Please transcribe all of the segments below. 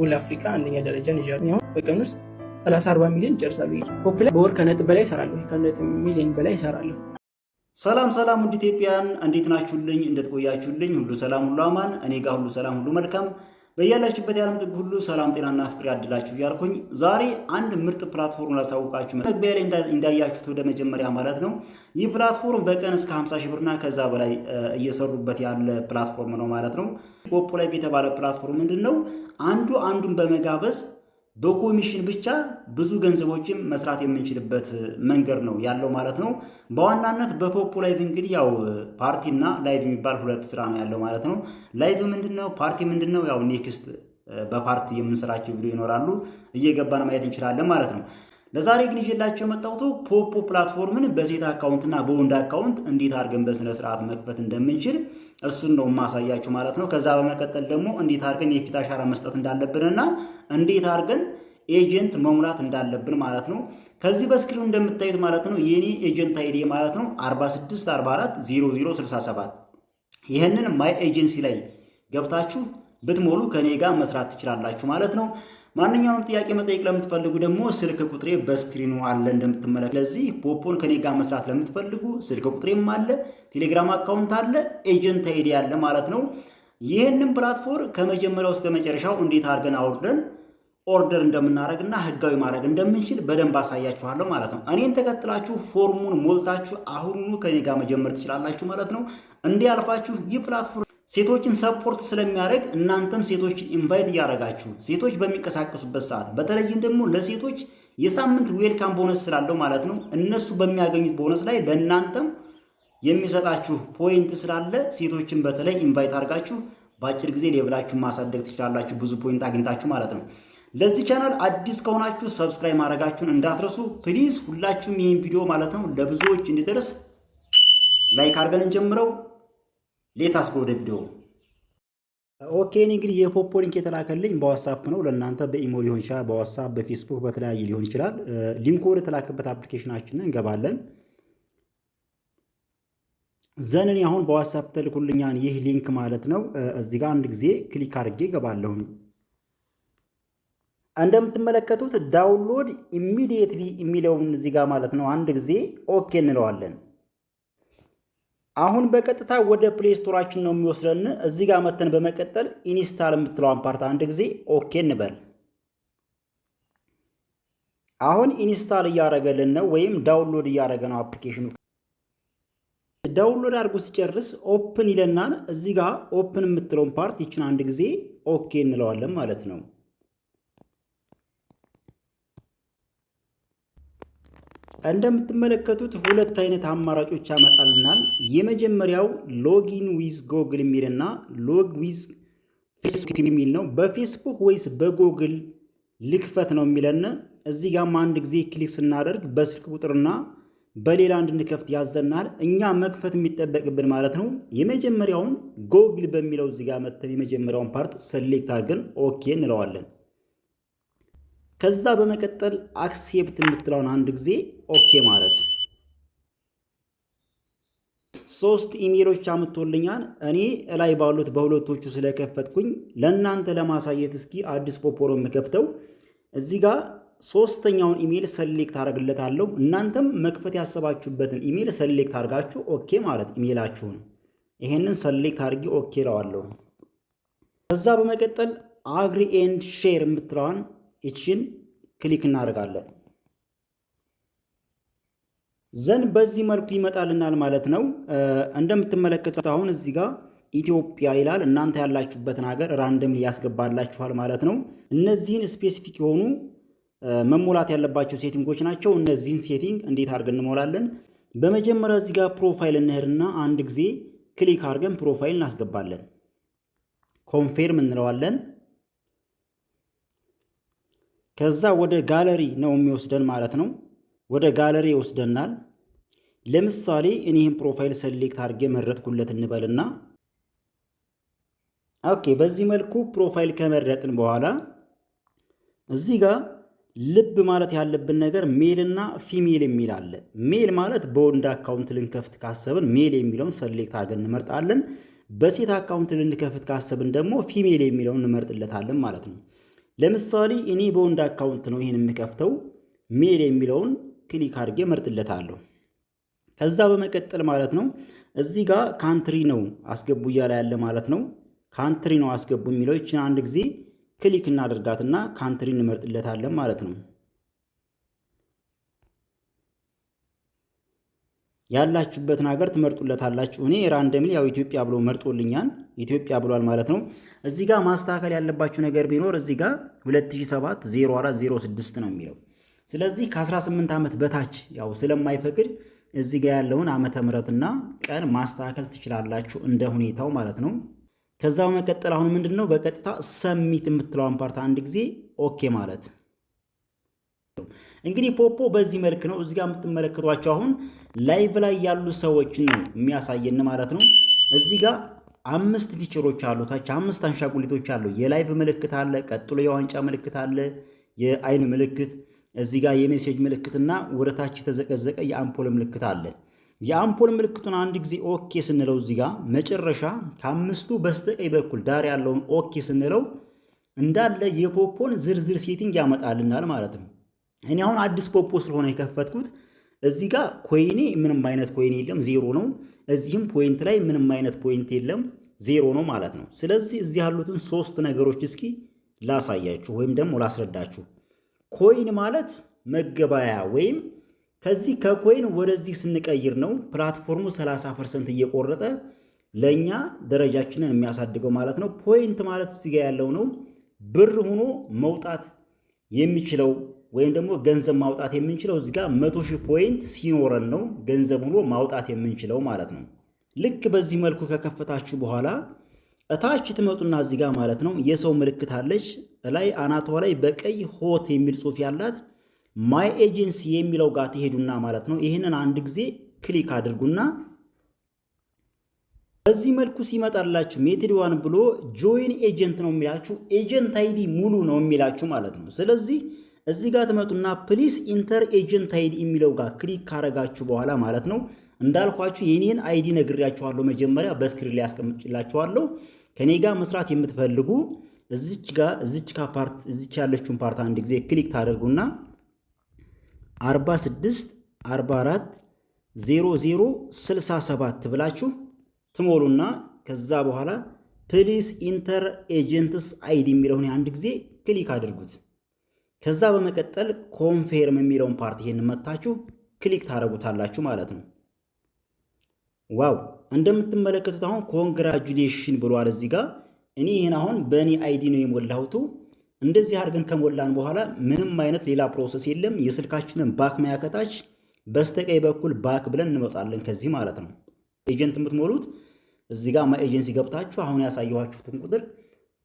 ኦል አፍሪካ አንደኛ ደረጃ ኒጀር ሆ በቀን ውስጥ 34 ሚሊዮን ይጨርሳሉ። ኮፕ ላይ በወር ከነጥ በላይ ይሰራለሁ። ከነጥ ሚሊዮን በላይ ይሰራለሁ። ሰላም ሰላም፣ ውድ ኢትዮጵያን እንዴት ናችሁልኝ? እንደት ቆያችሁልኝ? ሁሉ ሰላም ሁሉ አማን፣ እኔ ጋር ሁሉ ሰላም ሁሉ መልካም በያላችሁበት የዓለም ጥግ ሁሉ ሰላም ጤናና ፍቅር ያድላችሁ እያልኩኝ ዛሬ አንድ ምርጥ ፕላትፎርም ላሳውቃችሁ። መግቢያ ላይ እንዳያችሁት ወደ መጀመሪያ ማለት ነው። ይህ ፕላትፎርም በቀን እስከ 50 ሺህ ብርና ከዛ በላይ እየሰሩበት ያለ ፕላትፎርም ነው ማለት ነው። ፖፖ ላይ የተባለ ፕላትፎርም ምንድን ነው? አንዱ አንዱን በመጋበዝ በኮሚሽን ብቻ ብዙ ገንዘቦችን መስራት የምንችልበት መንገድ ነው ያለው ማለት ነው። በዋናነት በፖፖ ላይቭ እንግዲህ ያው ፓርቲና ላይቭ የሚባል ሁለት ስራ ነው ያለው ማለት ነው። ላይቭ ምንድን ነው? ፓርቲ ምንድን ነው? ያው ኔክስት በፓርቲ የምንሰራቸው ቪዲዮ ይኖራሉ፣ እየገባን ማየት እንችላለን ማለት ነው። ለዛሬ ግን ይዤላቸው የመጣሁት ፖፖ ፕላትፎርምን በሴት አካውንትና በወንድ አካውንት እንዴት አድርገን በስነ ስርዓት መክፈት እንደምንችል እሱን ነው የማሳያችሁ ማለት ነው። ከዛ በመቀጠል ደግሞ እንዴት አድርገን የፊት አሻራ መስጠት እንዳለብንና እንዴት አድርገን ኤጀንት መሙላት እንዳለብን ማለት ነው። ከዚህ በስክሪኑ እንደምታዩት ማለት ነው የኔ ኤጀንት አይዲ ማለት ነው 46440067 ይህንን ማይ ኤጀንሲ ላይ ገብታችሁ ብትሞሉ ከኔ ጋር መስራት ትችላላችሁ ማለት ነው። ማንኛውም ጥያቄ መጠየቅ ለምትፈልጉ ደግሞ ስልክ ቁጥሬ በስክሪኑ አለ እንደምትመለከቱ። ስለዚህ ፖፖን ከኔ ጋር መስራት ለምትፈልጉ ስልክ ቁጥሬም አለ፣ ቴሌግራም አካውንት አለ፣ ኤጀንት አይዲ አለ ማለት ነው። ይህንን ፕላትፎርም ከመጀመሪያው እስከ መጨረሻው እንዴት አድርገን አውርደን ኦርደር እንደምናደርግ እና ህጋዊ ማድረግ እንደምንችል በደንብ አሳያችኋለሁ ማለት ነው። እኔን ተከትላችሁ ፎርሙን ሞልታችሁ አሁኑ ከኔ ጋር መጀመር ትችላላችሁ ማለት ነው። እንዲያልፋችሁ ይህ ፕላትፎርም ሴቶችን ሰፖርት ስለሚያደርግ እናንተም ሴቶችን ኢንቫይት እያደረጋችሁ ሴቶች በሚንቀሳቀሱበት ሰዓት በተለይም ደግሞ ለሴቶች የሳምንት ዌልካም ቦነስ ስላለው ማለት ነው እነሱ በሚያገኙት ቦነስ ላይ ለእናንተም የሚሰጣችሁ ፖይንት ስላለ ሴቶችን በተለይ ኢንቫይት አድርጋችሁ በአጭር ጊዜ ሌብላችሁ ማሳደግ ትችላላችሁ፣ ብዙ ፖይንት አግኝታችሁ ማለት ነው። ለዚህ ቻናል አዲስ ከሆናችሁ ሰብስክራይብ ማድረጋችሁን እንዳትረሱ ፕሊዝ። ሁላችሁም ይህን ቪዲዮ ማለት ነው ለብዙዎች እንዲደርስ ላይክ አድርገን እንጀምረው። ሌታስ ወደ ቪዲዮ ኦኬ። እኔ እንግዲህ የፖፖ ሊንክ የተላከልኝ በዋትሳፕ ነው። ለእናንተ በኢሞ ሊሆን ይችላል፣ በዋትሳፕ በፌስቡክ በተለያየ ሊሆን ይችላል። ሊንኩ ወደ ተላከበት አፕሊኬሽናችን እንገባለን። ዘንን አሁን በዋትሳፕ ተልኩልኛን ይህ ሊንክ ማለት ነው። እዚህ ጋር አንድ ጊዜ ክሊክ አድርጌ እገባለሁኝ። እንደምትመለከቱት ዳውንሎድ ኢሚዲየትሊ የሚለውን እዚህ ጋር ማለት ነው አንድ ጊዜ ኦኬ እንለዋለን። አሁን በቀጥታ ወደ ፕሌይ ስቶራችን ነው የሚወስደን። እዚህ ጋር መተን በመቀጠል ኢንስታል የምትለውን ፓርት አንድ ጊዜ ኦኬ እንበል። አሁን ኢንስታል እያደረገልን ነው ወይም ዳውንሎድ እያደረገ ነው አፕሊኬሽኑ። ዳውንሎድ አድርጎ ሲጨርስ ኦፕን ይለናል። እዚህ ጋር ኦፕን የምትለውን ፓርት ይችን አንድ ጊዜ ኦኬ እንለዋለን ማለት ነው። እንደምትመለከቱት ሁለት አይነት አማራጮች ያመጣልናል። የመጀመሪያው ሎጊን ዊዝ ጎግል የሚልና ሎግ ዊዝ ፌስቡክ የሚል ነው። በፌስቡክ ወይስ በጎግል ልክፈት ነው የሚለን። እዚህ ጋም አንድ ጊዜ ክሊክ ስናደርግ በስልክ ቁጥርና በሌላ እንድንከፍት ያዘናል። እኛ መክፈት የሚጠበቅብን ማለት ነው የመጀመሪያውን ጎግል በሚለው እዚህ ጋር መተን የመጀመሪያውን ፓርት ሰሌክት አድርገን ኦኬ እንለዋለን። ከዛ በመቀጠል አክሴፕት የምትለውን አንድ ጊዜ ኦኬ ማለት ሶስት ኢሜሎች አምቶልኛል። እኔ እላይ ባሉት በሁለቶቹ ስለከፈትኩኝ ለእናንተ ለማሳየት እስኪ አዲስ ፖፖሮ የምከፍተው እዚህ ጋር ሶስተኛውን ኢሜል ሰሌክት አደርግለታለሁ። እናንተም መክፈት ያሰባችሁበትን ኢሜል ሰሌክት አድርጋችሁ ኦኬ ማለት ኢሜላችሁን ይሄንን ሰሌክት አድርጌ ኦኬ እለዋለሁ። ከዛ በመቀጠል አግሪ ኤንድ ሼር የምትለዋን ይችን ክሊክ እናደርጋለን። ዘን በዚህ መልኩ ይመጣልናል ማለት ነው። እንደምትመለከቱት አሁን እዚህ ጋር ኢትዮጵያ ይላል። እናንተ ያላችሁበትን ሀገር ራንደም ያስገባላችኋል ማለት ነው። እነዚህን ስፔሲፊክ የሆኑ መሞላት ያለባቸው ሴቲንጎች ናቸው። እነዚህን ሴቲንግ እንዴት አድርገን እንሞላለን? በመጀመሪያ እዚህ ጋር ፕሮፋይል እንሄድና አንድ ጊዜ ክሊክ አድርገን ፕሮፋይል እናስገባለን። ኮንፌርም እንለዋለን። ከዛ ወደ ጋለሪ ነው የሚወስደን ማለት ነው። ወደ ጋለሪ ይወስደናል። ለምሳሌ እኔህም ፕሮፋይል ሰሌክት አድርጌ መረጥኩለት እንበልና ኦኬ። በዚህ መልኩ ፕሮፋይል ከመረጥን በኋላ እዚህ ጋር ልብ ማለት ያለብን ነገር ሜል እና ፊሜል የሚል አለ። ሜል ማለት በወንድ አካውንት ልንከፍት ካሰብን ሜል የሚለውን ሰሌክት አድርገን እንመርጣለን። በሴት አካውንት ልንከፍት ካሰብን ደግሞ ፊሜል የሚለውን እንመርጥለታለን ማለት ነው። ለምሳሌ እኔ በወንድ አካውንት ነው ይህን የምከፍተው። ሜል የሚለውን ክሊክ አድርጌ መርጥለታለሁ። ከዛ በመቀጠል ማለት ነው እዚህ ጋር ካንትሪ ነው አስገቡ እያለ ያለ ማለት ነው። ካንትሪ ነው አስገቡ የሚለው ይችን አንድ ጊዜ ክሊክ እናደርጋትና ካንትሪ እንመርጥለታለን ማለት ነው። ያላችሁበትን ሀገር ትመርጡለታላችሁ። እኔ ራንደምሊ ያው ኢትዮጵያ ብሎ መርጦልኛል፣ ኢትዮጵያ ብሏል ማለት ነው። እዚህ ጋር ማስተካከል ያለባችሁ ነገር ቢኖር እዚህ ጋር 2007 06 ነው የሚለው። ስለዚህ ከ18 ዓመት በታች ያው ስለማይፈቅድ እዚህ ጋር ያለውን ዓመተ ምሕረትና ቀን ማስተካከል ትችላላችሁ እንደ ሁኔታው ማለት ነው። ከዛው በመቀጠል አሁን ምንድን ነው በቀጥታ ሰሚት የምትለውን ፓርት አንድ ጊዜ ኦኬ ማለት እንግዲህ ፖፖ በዚህ መልክ ነው እዚህ ጋር የምትመለከቷቸው አሁን ላይቭ ላይ ያሉ ሰዎችን ነው የሚያሳየን ማለት ነው። እዚህ ጋር አምስት ፊቸሮች አሉ። ታች አምስት አንሻጉሊቶች አሉ። የላይቭ ምልክት አለ፣ ቀጥሎ የዋንጫ ምልክት አለ፣ የአይን ምልክት እዚህ ጋር የሜሴጅ ምልክትና ወደ ታች የተዘቀዘቀ የአምፖል ምልክት አለ። የአምፖል ምልክቱን አንድ ጊዜ ኦኬ ስንለው እዚህ ጋር መጨረሻ ከአምስቱ በስተቀኝ በኩል ዳር ያለውን ኦኬ ስንለው እንዳለ የፖፖን ዝርዝር ሴቲንግ ያመጣልናል ማለት ነው። እኔ አሁን አዲስ ፖፖ ስለሆነ የከፈትኩት እዚህ ጋር ኮይኔ ምንም አይነት ኮይን የለም፣ ዜሮ ነው። እዚህም ፖይንት ላይ ምንም አይነት ፖይንት የለም፣ ዜሮ ነው ማለት ነው። ስለዚህ እዚህ ያሉትን ሶስት ነገሮች እስኪ ላሳያችሁ ወይም ደግሞ ላስረዳችሁ። ኮይን ማለት መገባያ ወይም ከዚህ ከኮይን ወደዚህ ስንቀይር ነው ፕላትፎርሙ 30 ፐርሰንት እየቆረጠ ለእኛ ደረጃችንን የሚያሳድገው ማለት ነው። ፖይንት ማለት እዚጋ ያለው ነው ብር ሆኖ መውጣት የሚችለው ወይም ደግሞ ገንዘብ ማውጣት የምንችለው እዚህ ጋር መቶ ሺህ ፖይንት ሲኖረን ነው ገንዘብ ብሎ ማውጣት የምንችለው ማለት ነው። ልክ በዚህ መልኩ ከከፈታችሁ በኋላ እታች ትመጡና እዚህ ጋር ማለት ነው የሰው ምልክት አለች። ላይ አናቷ ላይ በቀይ ሆት የሚል ጽሑፍ ያላት ማይ ኤጀንሲ የሚለው ጋር ትሄዱና ማለት ነው ይህንን አንድ ጊዜ ክሊክ አድርጉና በዚህ መልኩ ሲመጣላችሁ ሜትድ ዋን ብሎ ጆይን ኤጀንት ነው የሚላችሁ። ኤጀንት አይዲ ሙሉ ነው የሚላችሁ ማለት ነው። ስለዚህ እዚህ ጋር ትመጡና ፕሊስ ኢንተር ኤጀንት አይዲ የሚለው ጋር ክሊክ ካረጋችሁ በኋላ ማለት ነው እንዳልኳችሁ የኔን አይዲ ነግሬያችኋለሁ። መጀመሪያ በስክሪን ላይ ያስቀምጥላችኋለሁ። ከኔ ጋር መስራት የምትፈልጉ እዚች ጋ እዚች ጋር ፓርት እዚች ያለችውን ፓርት አንድ ጊዜ ክሊክ ታደርጉና 46 44 00 67 ብላችሁ ትሞሉና ከዛ በኋላ ፕሊስ ኢንተር ኤጀንትስ አይዲ የሚለውን አንድ ጊዜ ክሊክ አድርጉት። ከዛ በመቀጠል ኮንፌርም የሚለውን ፓርት ይሄን መታችሁ ክሊክ ታደረጉታላችሁ ማለት ነው። ዋው እንደምትመለከቱት አሁን ኮንግራጁሌሽን ብሏል እዚህ ጋር። እኔ ይህን አሁን በእኔ አይዲ ነው የሞላሁቱ እንደዚህ አድርገን ከሞላን በኋላ ምንም አይነት ሌላ ፕሮሰስ የለም። የስልካችንን ባክ መያከታች በስተቀኝ በኩል ባክ ብለን እንመጣለን ከዚህ ማለት ነው። ኤጀንት የምትሞሉት እዚህ ጋር ኤጀንሲ ገብታችሁ አሁን ያሳየኋችሁትን ቁጥር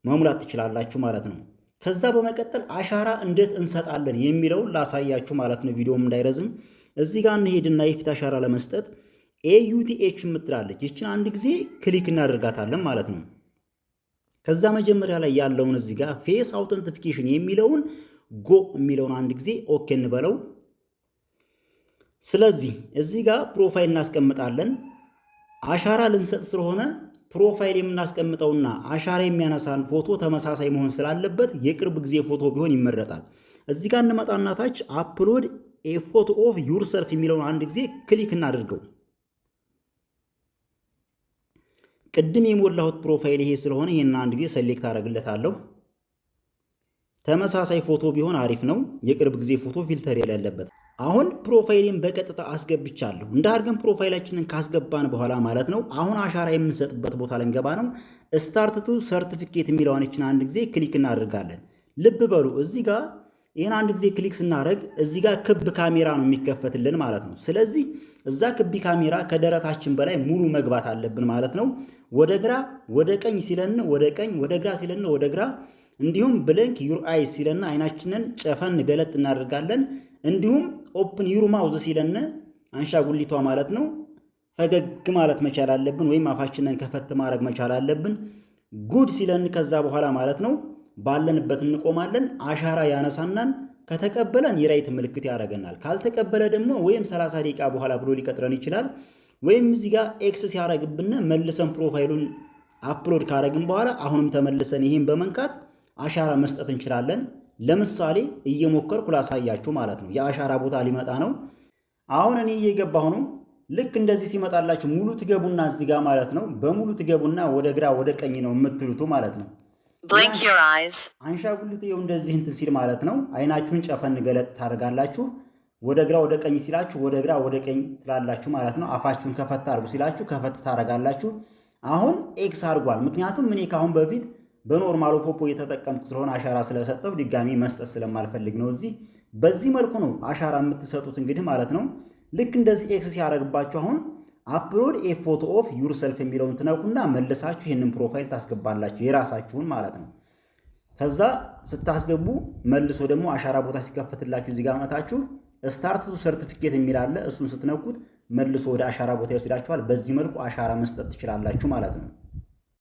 መሙላት ትችላላችሁ ማለት ነው። ከዛ በመቀጠል አሻራ እንዴት እንሰጣለን የሚለውን ላሳያችሁ ማለት ነው። ቪዲዮም እንዳይረዝም እዚህ ጋር እንሄድና የፊት አሻራ ለመስጠት ኤዩቲኤች የምትላለች ይችን አንድ ጊዜ ክሊክ እናደርጋታለን ማለት ነው። ከዛ መጀመሪያ ላይ ያለውን እዚህ ጋር ፌስ አውተንቲፊኬሽን የሚለውን ጎ የሚለውን አንድ ጊዜ ኦኬ እንበለው። ስለዚህ እዚህ ጋር ፕሮፋይል እናስቀምጣለን። አሻራ ልንሰጥ ስለሆነ ፕሮፋይል የምናስቀምጠውና አሻራ የሚያነሳን ፎቶ ተመሳሳይ መሆን ስላለበት የቅርብ ጊዜ ፎቶ ቢሆን ይመረጣል። እዚህ ጋር እንመጣና ታች አፕሎድ ኤ ፎቶ ኦፍ ዩር ሰልፍ የሚለውን አንድ ጊዜ ክሊክ እናደርገው። ቅድም የሞላሁት ፕሮፋይል ይሄ ስለሆነ ይህን አንድ ጊዜ ሰሌክት አደርግለታለሁ። ተመሳሳይ ፎቶ ቢሆን አሪፍ ነው። የቅርብ ጊዜ ፎቶ ፊልተር የሌለበት አሁን ፕሮፋይልን በቀጥታ አስገብቻለሁ። እንደ አድርገን ፕሮፋይላችንን ካስገባን በኋላ ማለት ነው አሁን አሻራ የምንሰጥበት ቦታ ልንገባ ነው። ስታርት ቱ ሰርቲፊኬት የሚለውን አንድ ጊዜ ክሊክ እናደርጋለን። ልብ በሉ እዚህ ጋር ይህን አንድ ጊዜ ክሊክ ስናደርግ እዚህ ጋር ክብ ካሜራ ነው የሚከፈትልን ማለት ነው። ስለዚህ እዛ ክቢ ካሜራ ከደረታችን በላይ ሙሉ መግባት አለብን ማለት ነው። ወደ ግራ ወደ ቀኝ ሲለን ወደ ቀኝ፣ ወደ ግራ ሲለን ወደ ግራ፣ እንዲሁም ብለንክ ዩር አይስ ሲለን አይናችንን ጨፈን ገለጥ እናደርጋለን እንዲሁም ኦፕን ዩር ማውዝ ሲለን አንሻ ጉሊቷ ማለት ነው ፈገግ ማለት መቻል አለብን፣ ወይም አፋችንን ከፈት ማድረግ መቻል አለብን። ጉድ ሲለን ከዛ በኋላ ማለት ነው ባለንበት እንቆማለን። አሻራ ያነሳናን ከተቀበለን የራይት ምልክት ያደርገናል። ካልተቀበለ ደግሞ ወይም 30 ደቂቃ በኋላ ብሎ ሊቀጥረን ይችላል። ወይም እዚህ ጋር ኤክስ ሲያደርግብን መልሰን ፕሮፋይሉን አፕሎድ ካደረግን በኋላ አሁንም ተመልሰን ይህን በመንካት አሻራ መስጠት እንችላለን። ለምሳሌ እየሞከርኩ ላሳያችሁ ማለት ነው። የአሻራ ቦታ ሊመጣ ነው። አሁን እኔ እየገባሁ ነው። ልክ እንደዚህ ሲመጣላችሁ ሙሉ ትገቡና እዚህ ጋር ማለት ነው። በሙሉ ትገቡና ወደ ግራ ወደ ቀኝ ነው የምትሉቱ ማለት ነው። አንሻጉልት ይኸው እንደዚህ እንትን ሲል ማለት ነው። አይናችሁን ጨፈን ገለጥ ታደርጋላችሁ። ወደ ግራ ወደ ቀኝ ሲላችሁ ወደ ግራ ወደ ቀኝ ትላላችሁ ማለት ነው። አፋችሁን ከፈት አድርጉ ሲላችሁ ከፈት ታደርጋላችሁ። አሁን ኤክስ አድርጓል። ምክንያቱም እኔ ከአሁን በፊት በኖርማሉ ፖፖ እየተጠቀምኩ ስለሆነ አሻራ ስለሰጠው ድጋሚ መስጠት ስለማልፈልግ ነው። እዚህ በዚህ መልኩ ነው አሻራ የምትሰጡት እንግዲህ ማለት ነው። ልክ እንደዚህ ኤክስ ሲያደርግባችሁ አሁን አፕሎድ ኤ ፎቶ ኦፍ ዩርሰልፍ የሚለውን ትነኩና መልሳችሁ ይህንን ፕሮፋይል ታስገባላችሁ የራሳችሁን ማለት ነው። ከዛ ስታስገቡ መልሶ ደግሞ አሻራ ቦታ ሲከፈትላችሁ እዚጋ መታችሁ ስታርት ቱ ሰርቲፊኬት የሚል አለ። እሱን ስትነኩት መልሶ ወደ አሻራ ቦታ ይወስዳችኋል። በዚህ መልኩ አሻራ መስጠት ትችላላችሁ ማለት ነው።